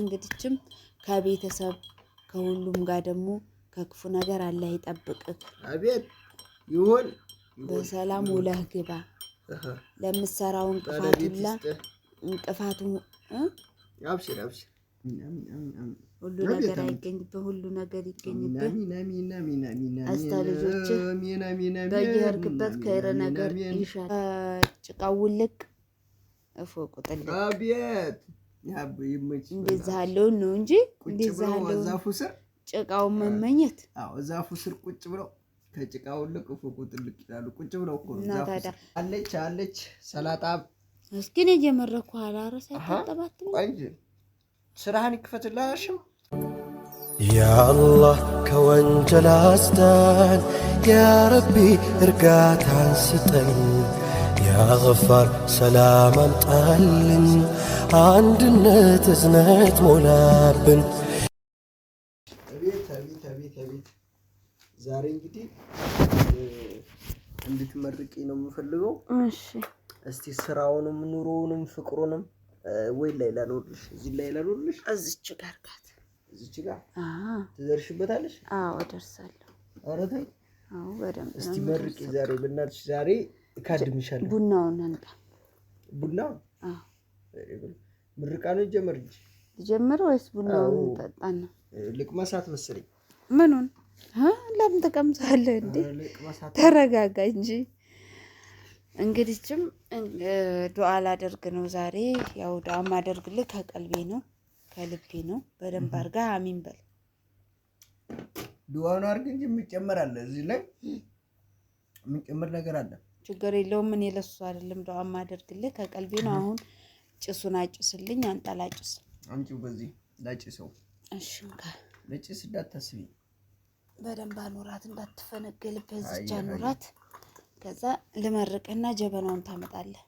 እንግዲችም ከቤተሰብ ከሁሉም ጋር ደግሞ ከክፉ ነገር አላህ ይጠብቅህ። አቤት ይሁን። በሰላም ውለህ ግባ። ለምትሰራው እንቅፋት ሁላ እንቅፋቱ አብሽር አብሽር፣ ሁሉ ነገር አይገኝብህ፣ ሁሉ ነገር ይገኝብህ። አስታ ልጆችህ በየሄድክበት ከይረ ነገር ይሻል። ጭቃው ውልቅ እፎ ቁጥልቅ አቤት እንደዛ ያለውን ነው እንጂ እንደዛ ያለውን ጭቃውን መመኘት። ዛፉ ስር ቁጭ ብለው ከጭቃው ልቅ ፎቁ ጥልቅ ይላሉ። ቁጭ ብለው እኮ አለች አለች ሰላጣ እስኪ አላረሳ ስራህን ከወንጀል አስዳን፣ እርጋታን ያ ገፋር ሰላም አምጣልን፣ አንድነት እዝነት ሞላብን። አቤት አቤት አቤት አቤት! ዛሬ እንግዲህ እንድትመርቂ ነው የምፈልገው። እሺ፣ እስቲ ስራውንም ኑሮውንም ፍቅሩንም ወይ ላይ ላኖርልሽ፣ እዚህ ላይ ላኖርልሽ። እዚች ጋር ጋት እዚች ጋር ትደርሽበታለሽ። አዎ፣ እደርሳለሁ። ኧረ ተይ፣ አዎ፣ በደንብ እስቲ መርቂ ዛሬ ብናልሽ ዛሬ ካድም ቡናውን አንጣ። ቡና ምርቃኑ ይጀመር እንጂ ጀምር ወይስ ቡናውን እንጠጣና? ልቅመሳት መሰለኝ። ምኑን ለምን ተቀምሳለህ እንዴ? ተረጋጋ እንጂ። እንግዲችም ዱዓ ላደርግ ነው ዛሬ። ያው ዱዓ ማደርግልህ ከቀልቤ ነው ከልቤ ነው። በደንብ አድርጋ አሚን በል። ዱዓ ነው አድርግ እንጂ የምጨመራለህ እዚህ ላይ የምንጨምር ነገር አለ። ችግር የለውም። ምን የለሱ አይደለም ዱዓ የማደርግልህ ከቀልቤ ነው። አሁን ጭሱን አጭስልኝ። አንጣ ላጭስ፣ አንቺው በዚህ ላጭሰው። እሺ ለጭስ እንዳታስቢ፣ በደንብ አኑራት፣ እንዳትፈነገልበት እዚች አኑራት። ከዛ ልመርቅና ጀበናውን ታመጣለህ።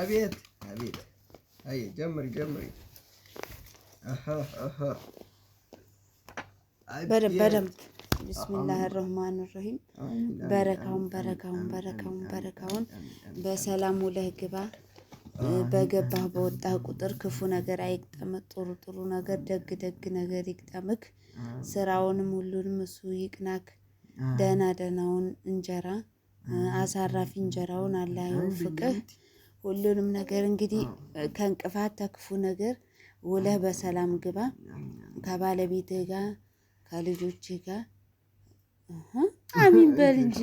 አቤት አቤት። አይ ጀምሪ ጀምሪ። በደንብ በደንብ ብስሚላህ ረህማን ረሂም በረካውን በረካውን በረካውን በረካውን በሰላም ውለህ ግባ። በገባህ በወጣ ቁጥር ክፉ ነገር አይግጠምህ፣ ጥሩ ጥሩ ነገር ደግ ደግ ነገር ይግጠምህ። ስራውንም ሁሉንም እሱ ይቅናክ። ደህና ደህናውን እንጀራ አሳራፊ እንጀራውን አላህ ይወፍቅህ። ሁሉንም ነገር እንግዲህ ከእንቅፋት ተክፉ ነገር ውለህ በሰላም ግባ ከባለቤትህ ጋር ከልጆችህ ጋር አሚን በል እንጂ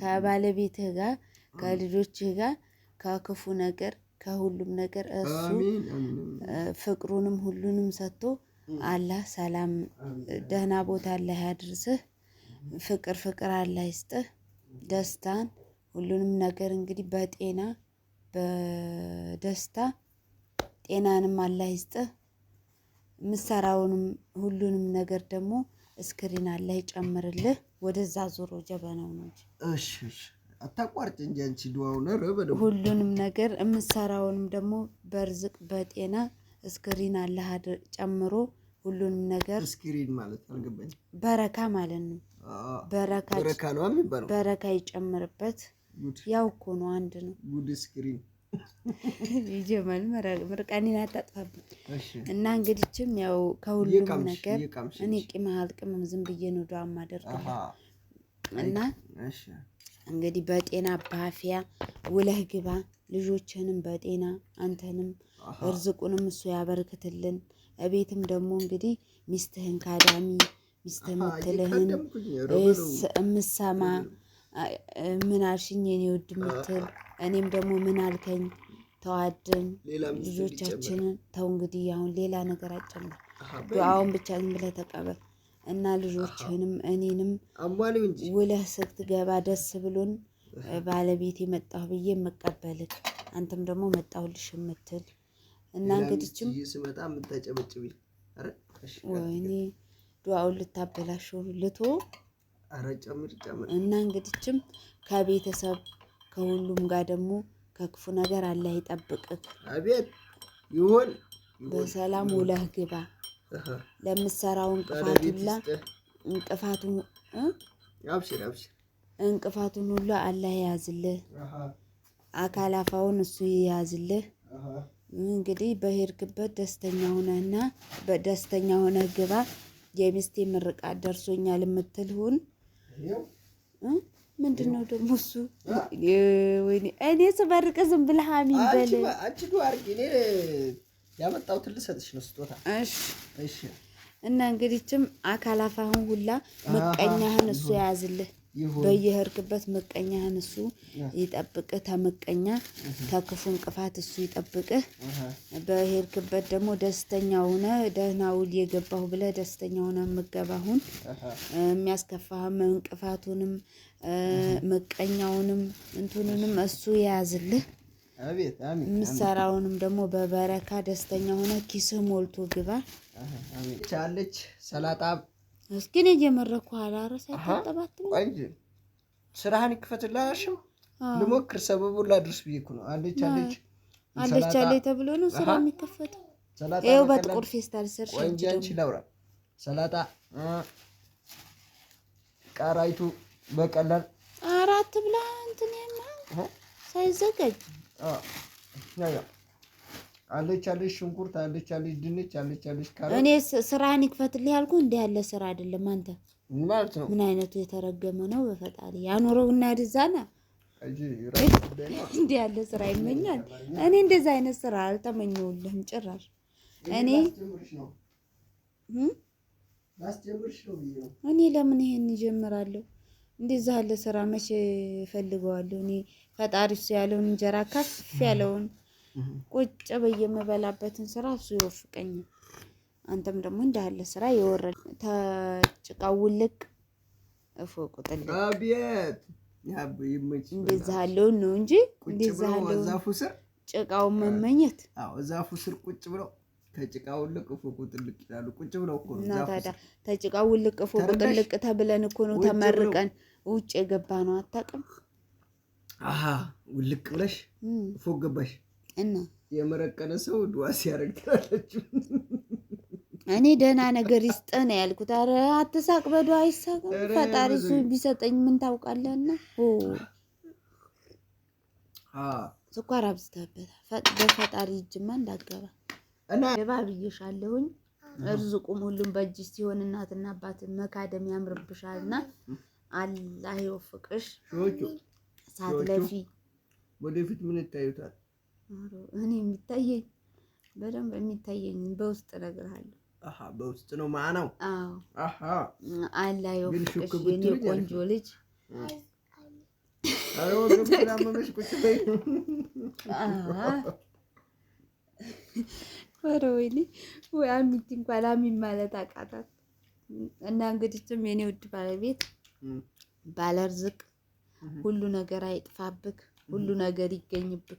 ከባለቤትህ ጋር ከልጆችህ ጋር ከክፉ ነገር ከሁሉም ነገር እሱ ፍቅሩንም ሁሉንም ሰጥቶ አላህ ሰላም ደህና ቦታ ላይ ያድርስህ። ፍቅር ፍቅር አላህ ይስጥህ። ደስታን ሁሉንም ነገር እንግዲህ በጤና በደስታ ጤናንም አላህ ይስጥህ። ምሰራውንም ሁሉንም ነገር ደግሞ እስክሪን አለ ይጨምርልህ። ወደዛ ዞሮ ጀበናው ነው እንጂ እሺ፣ እሺ አታቋርጭ እንጂ አንቺ ዱዋውን ረበደ ሁሉንም ነገር የምሰራውንም ደግሞ በርዝቅ በጤና እስክሪን አለ ጨምሮ ሁሉንም ነገር እስክሪን ማለት አልገባኝ። በረካ ማለት ነው። በረካ በረካ ነው የሚባለው። በረካ ይጨምርበት። ያው እኮ ነው አንድ ነው። ጉድ እስክሪን ይጀመል ምርቃኔን አታጥፋብኝ። እና እንግዲችም ያው ከሁሉም ነገር እኔ ቂም አልቅምም፣ ዝም ብዬ ነው ዱዓ የማደርገው። እና እንግዲህ በጤና ባፊያ ውለህ ግባ። ልጆችህንም በጤና አንተንም እርዝቁንም እሱ ያበርክትልን። እቤትም ደግሞ እንግዲህ ሚስትህን ካዳሚ ሚስትህ የምትልህን እምሰማ ምን አልሽኝ የኔ ውድ ምትል እኔም ደግሞ ምን አልከኝ ተዋድን ልጆቻችንን ተው እንግዲህ አሁን ሌላ ነገር አጨምር ዱዓውን ብቻ ዝም ብለህ ተቀበል እና ልጆችንም እኔንም ውለህ ስትገባ ደስ ብሎን ባለቤት የመጣሁ ብዬ የምቀበልህ አንተም ደግሞ መጣሁልሽ የምትል እና እንግዲችም ወይኔ ዱዓውን ልታበላሽው ልቶ ኧረ ጨምር ጨምር እና እንግዲችም ከቤተሰብ ከሁሉም ጋር ደግሞ ከክፉ ነገር አላህ ይጠብቅህ። አቤት ይሁን። በሰላም ውለህ ግባ። ለምትሰራው እንቅፋት እንቅፋቱን አብሽር አብሽር እንቅፋቱን ሁሉ አላህ ያዝልህ። አካላፋውን እሱ ይያዝልህ። እንግዲህ በሄድክበት ደስተኛ ሆነህና በደስተኛ ሆነህ ግባ። የሚስቴ ምርቃት ደርሶኛል የምትልሁን ምንድን ነው ደግሞ እሱ? ወይኔ እኔ ስመርቅ ዝም ብለህ አሚን በል። አንቺ ዱ አድርጊ። እኔ ያመጣሁትን ልሰጥሽ ነው ስጦታ። እሺ፣ እሺ። እና እንግዲህ እንግዲችም አካላፋህን ሁላ መቀኛህን እሱ የያዝልህ በየሄድክበት ምቀኛህን እሱ ይጠብቅህ፣ ተምቀኛ ተክፉ እንቅፋት እሱ ይጠብቅህ። በሄድክበት ደግሞ ደስተኛ ሆነ ደህና ውል የገባሁ ብለህ ደስተኛ ሆነ የምገባሁን የሚያስከፋህም እንቅፋቱንም ምቀኛውንም እንትኑንም እሱ የያዝልህ። ምሰራውንም ደግሞ በበረካ ደስተኛ ሆነ ኪስህ ሞልቶ ግባ። ቻለች ሰላጣ እስኪ እኔ እየመረኩ አላረሳ ይታጠባት እንጂ ስራህን ይክፈትልሃሽም ልሞክር ሰበቡን ላድርስ ብዬሽ እኮ ነው። አለች አለች አለች አለች ተብሎ ነው ስራ የሚከፈተው። ይኸው በጥቁር ፌስታል ስር አንቺ ለውራ ሰላጣ ቃራይቱ በቀላል አራት ብላ እንትን ሳይዘጋጅ አለች አለች ሽንኩርት አለች አለች ድንች አለች አለች ካሮት። እኔ ስራን ይክፈትልህ ያልኩ እንደ ያለ ስራ አይደለም። አንተ ማለት ነው ምን አይነቱ የተረገመ ነው። በፈጣሪ እና ያድዛና እንደ ያለ ስራ ይመኛል። እኔ እንደዛ አይነት ስራ አልተመኘውልህም ጭራሽ። እኔ እኔ ለምን ይሄን ይጀምራለሁ? እንደዛ ያለ ስራ መቼ ፈልገዋለሁ እኔ ፈጣሪ እሱ ያለውን እንጀራ ከፍ ያለውን ቁጭ ብዬ የምበላበትን ስራ እሱ ይወፍቀኝ። አንተም ደግሞ እንዳለ ስራ የወረደ ተጭቃው ውልቅ እፎቁ ነው እንጂ እንደዛ ያለውን ጭቃውን መመኘት። ዛፉ ስር ቁጭ ብለው ተጭቃው ውልቅ እፎቁ ጥልቅ ይላሉ። ቁጭ ብለው እኮ ነው ታዲያ ተጭቃው ውልቅ እፎቁ ጥልቅ ተብለን እኮ ነው ተመርቀን ውጭ የገባ ነው። አታውቅም? አሀ ውልቅ ብለሽ እፎቅ ገባሽ እና የመረቀነ ሰው ድዋ ሲያደርግ ትላለች። እኔ ደህና ነገር ይስጠን ያልኩት፣ አረ አትሳቅ፣ በድዋ ይሳቅ። ፈጣሪ እሱ ቢሰጠኝ ምን ታውቃለህና። ስኳር አብዝታበታል። በፈጣሪ እጅማ እንዳገባ ገባ ብዬሻለሁኝ። እርዝቁም ሁሉም በእጅ ሲሆን እናትና አባት መካደም ያምርብሻልና አላህ ይወፍቅሽ። ለፊ ወደፊት ምን ይታዩታል ኧረ እኔ የሚታየኝ በደንብ የሚታየኝ በውስጥ እነግርሃለሁ። በውስጥ ነው ማነው? አላ የኔ ቆንጆ ልጅ። ኧረ ወይኔ ወይ አሚቲ እንኳን አሚን ማለት አቃታት። እና እንግዲህም የኔ ውድ ባለቤት ባለርዝቅ ሁሉ ነገር አይጥፋብክ ሁሉ ነገር ይገኝብን።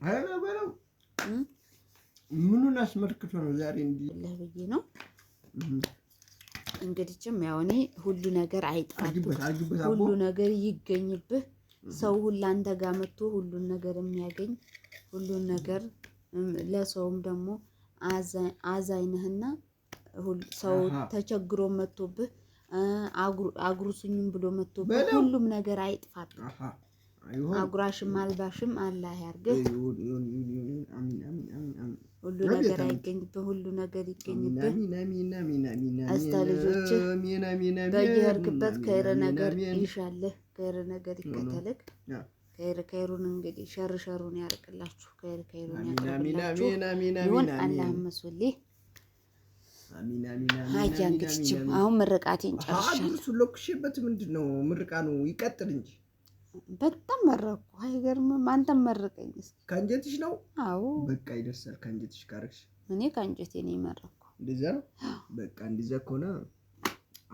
ምኑን አስመልክቶ ነው ዛሬ እንዲህ ብዬ ነው እንግዲህም ያው እኔ ሁሉ ነገር አይጥፋብህ፣ ሁሉ ነገር ይገኝብህ። ሰው ሁሉ አንተ ጋር መጥቶ ሁሉን ነገር የሚያገኝ ሁሉን ነገር ለሰውም ደግሞ አዛኝ ነህና ሰው ተቸግሮ መጥቶብህ አጉርሱኝም ብሎ መጥቶብህ ሁሉም ነገር አይጥፋብህ። አጉራሽም አልባሽም አላህ ያርግህ። ሁሉ ነገር ሁሉ ነገር ይገኝብህ። እስተ በየሄድክበት ከይረ ነገር ይሻልህ፣ ከይረ ነገር ይከተልህ። ከይር ከይሩን እንግዲህ ሸር ሸሩን ያርቅላችሁ፣ ከይር ከይሩን ያርቅላችሁ ይሁን። አላህም አያ እንግዲህ አሁን ምርቃቴን ጨርሻለሁ። እሱ ምንድን ነው ምርቃ ነው ይቀጥል እንጂ በጣም መረኩ። አይገርምም? አንተም መረቀኝ። እስኪ ከአንጀትሽ ነው? አዎ በቃ ይደርሳል። ከአንጀትሽ ካረግሽ እኔ ከአንጀቴ ነው የመረኩ። እንደዛ ነው በቃ። እንደዛ ከሆነ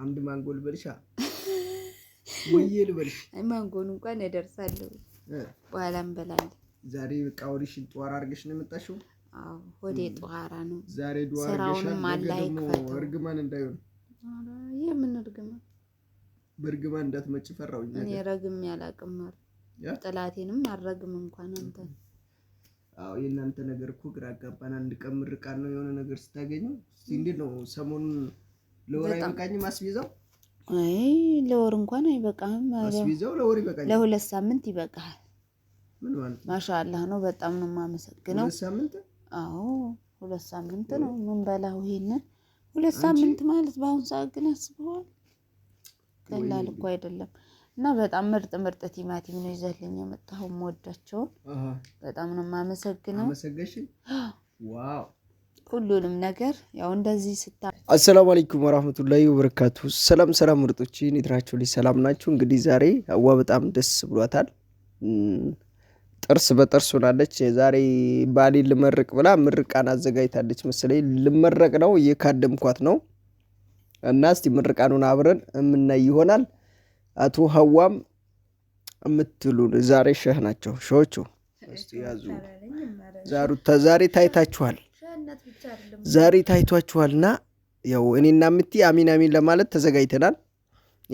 አንድ ማንጎ ልበልሻ ወይዬ ልበልሽ። ማንጎን እንኳን ያደርሳለሁ በኋላ እንበላለን። ዛሬ በቃ ወዲሽን ጠዋር አድርገሽ ነው የመጣሽው? አዎ ወዴ ጠዋራ ነው ዛሬ። ዱአ አድርገሻል ደግሞ እርግማን እንዳይሆን። የምን እርግማን በእርግማን እንዳትመጭ ፈራው። እኔ ረግም ያላቅም ጥላቴንም አረግም እንኳን አንተ። አዎ የእናንተ ነገር እኮ ግራ አጋባን። አንድ ቀን ምርቃን ነው የሆነ ነገር ስታገኙ። እስኪ እንዴት ነው ሰሞኑን ለወር አይበቃኝም አስቤዛው? አይ ለወር እንኳን አይበቃም አስቤዛው። ለወር ይበቃኛል። ለሁለት ሳምንት ይበቃል። ምን ማለት ነው? ማሻአላህ ነው። በጣም ነው የማመሰግነው። ሁለት ሳምንት አዎ፣ ሁለት ሳምንት ነው። ምን በላው ይሄንን ሁለት ሳምንት ማለት በአሁኑ ሰዓት ግን አስበዋል ቀላል እኮ አይደለም። እና በጣም ምርጥ ምርጥ ቲማቲም ነው ይዘልኝ የመጣው የምወዳቸውን በጣም ነው የማመሰግነው። ሁሉንም ነገር ያው እንደዚህ ስታ አሰላሙ አለይኩም ወራህመቱላሂ ወበረካቱ። ሰላም ሰላም ምርጦች ኔትራቸው ላይ ሰላም ናችሁ። እንግዲህ ዛሬ አዋ በጣም ደስ ብሏታል። ጥርስ በጥርስ ሆናለች። ዛሬ ባሌ ልመርቅ ብላ ምርቃን አዘጋጅታለች መሰለኝ። ልመረቅ ነው፣ እየካደምኳት ነው እና እስቲ ምርቃኑን አብረን የምናይ ይሆናል። አቶ ሀዋም የምትሉን ዛሬ ሸህ ናቸው። ሸዎቹ ያዙ ዛሩ ዛሬ ታይታችኋል፣ ዛሬ ታይቷችኋልና ያው እኔና ምቲ አሚን አሚን ለማለት ተዘጋጅተናል።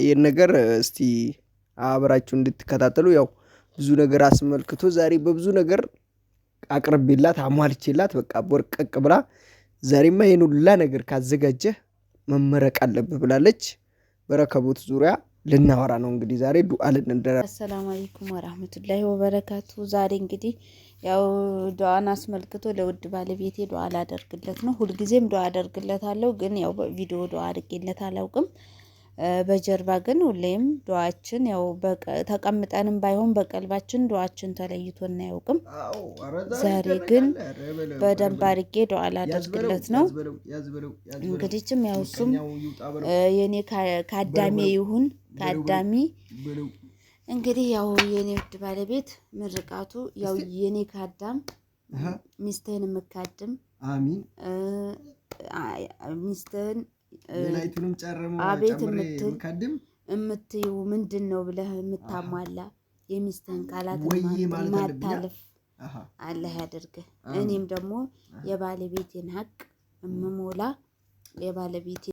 ይህን ነገር እስቲ አብራችሁ እንድትከታተሉ ያው ብዙ ነገር አስመልክቶ ዛሬ በብዙ ነገር አቅርቤላት አሟልቼላት በቃ ቦርቀቅ ብላ ዛሬማ ይሄን ሁላ ነገር ካዘጋጀህ መመረቅ አለብህ ብላለች። በረከቦት ዙሪያ ልናወራ ነው እንግዲህ ዛሬ ዱዓ ልንደራ። አሰላሙ አለይኩም ወራህመቱላሂ ወበረካቱ። ዛሬ እንግዲህ ያው ዱዓን አስመልክቶ ለውድ ባለቤቴ ዱዓ ላደርግለት ነው። ሁልጊዜም አደርግለት አደርግለታለሁ፣ ግን ያው ቪዲዮ ዱዓ አድርጌለት አላውቅም። በጀርባ ግን ሁሌም ዱዓችን ያው ተቀምጠንም ባይሆን በቀልባችን ዱዓችን ተለይቶ እናያውቅም። ዛሬ ግን በደንብ አድርጌ ዱዓ ላደርግለት ነው። እንግዲችም ያው እሱም የኔ ከአዳሚ ይሁን ከአዳሚ እንግዲህ ያው የኔ ውድ ባለቤት ምርቃቱ ያው የኔ ከአዳም ሚስትህን የምካድም ሚስትህን አቤት የምትል የምትዩ ምንድን ነው ብለህ የምታሟላ የሚስትህን ቃላት ማታልፍ አለህ ያደርግህ። እኔም ደግሞ የባለቤቴን ሀቅ የምሞላ የባለቤቴ